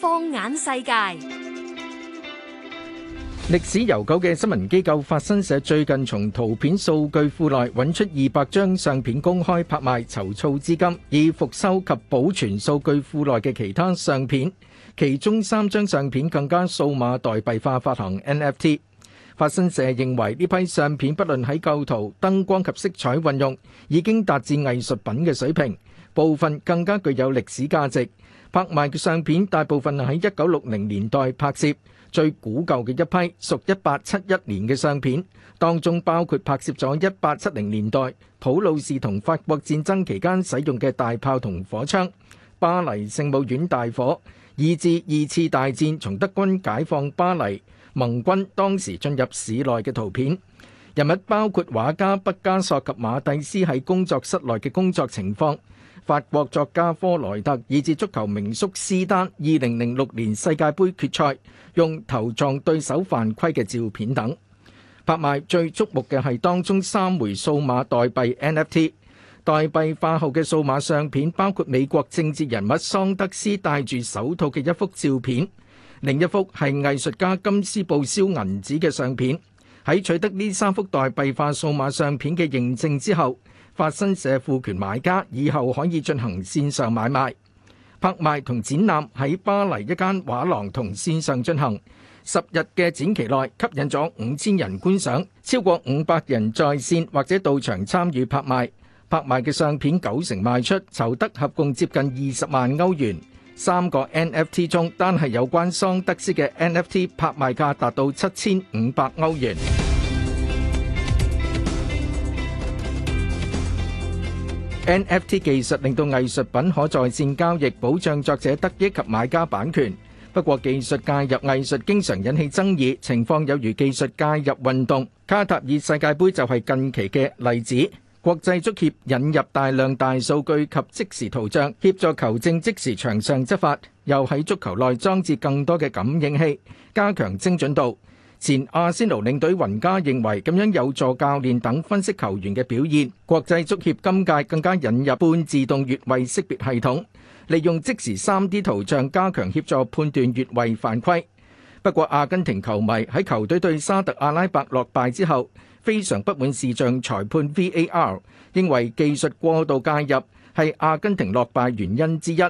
放眼世界，歷史悠久嘅新聞機構法新社最近從圖片數據庫內揾出二百張相片，公開拍賣籌措資金，以復修及保存數據庫內嘅其他相片。其中三張相片更加數碼代幣化發行 NFT。法新社認為呢批相片不論喺構圖、燈光及色彩運用，已經達至藝術品嘅水平。部分更加具有歷史價值，拍賣嘅相片大部分喺一九六零年代拍攝，最古舊嘅一批屬一八七一年嘅相片，當中包括拍攝咗一八七零年代普魯士同法國戰爭期間使用嘅大炮同火槍、巴黎聖母院大火，以至二次大戰從德軍解放巴黎、盟軍當時進入市內嘅圖片。人物包括畫家畢加索及馬蒂斯喺工作室內嘅工作情況。法國作家科萊特以至足球名宿斯丹二零零六年世界盃決賽用頭撞對手犯規嘅照片等。拍賣最注目嘅係當中三枚數碼代幣 NFT 代幣化後嘅數碼相片，包括美國政治人物桑德斯戴住手套嘅一幅照片，另一幅係藝術家金斯布燒銀紙嘅相片。喺取得呢三幅代幣化數碼相片嘅認證之後。法新社富權買家，以後可以進行線上買賣。拍賣同展覽喺巴黎一間畫廊同線上進行，十日嘅展期內吸引咗五千人觀賞，超過五百人在線或者到場參與拍賣。拍賣嘅相片九成賣出，籌得合共接近二十萬歐元。三個 NFT 中，單係有關桑德斯嘅 NFT 拍賣價達到七千五百歐元。NFT 技術令到藝術品可在線交易，保障作者得益及買家版權。不過，技術介入藝術經常引起爭議，情況有如技術介入運動。卡塔爾世界盃就係近期嘅例子。國際足協引入大量大數據及即時圖像，協助球證即時場上執法。又喺足球內裝置更多嘅感應器，加強精準度。前阿仙奴領隊雲加認為，咁樣有助教練等分析球員嘅表現。國際足協今屆更加引入半自動越位識別系統，利用即時 3D 圖像加強協助判斷越位犯規。不過阿根廷球迷喺球隊對沙特阿拉伯落敗之後，非常不滿視像裁判 VAR，認為技術過度介入係阿根廷落敗原因之一。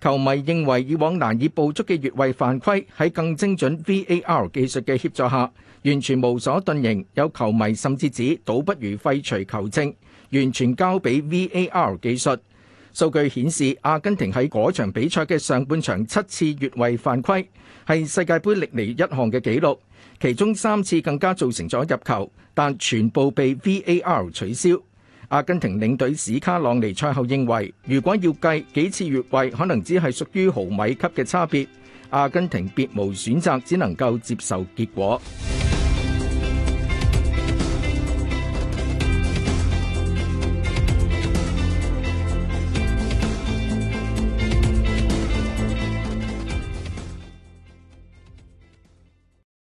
球迷認為以往難以捕捉嘅越位犯規喺更精準 V A R 技術嘅協助下，完全無所遁形。有球迷甚至指，倒不如廢除球證，完全交俾 V A R 技術。數據顯示，阿根廷喺嗰場比賽嘅上半場七次越位犯規，係世界盃歷嚟一項嘅紀錄，其中三次更加造成咗入球，但全部被 V A R 取消。阿根廷領隊史卡朗尼賽後認為，如果要計幾次越位，可能只係屬於毫米級嘅差別。阿根廷別無選擇，只能夠接受結果。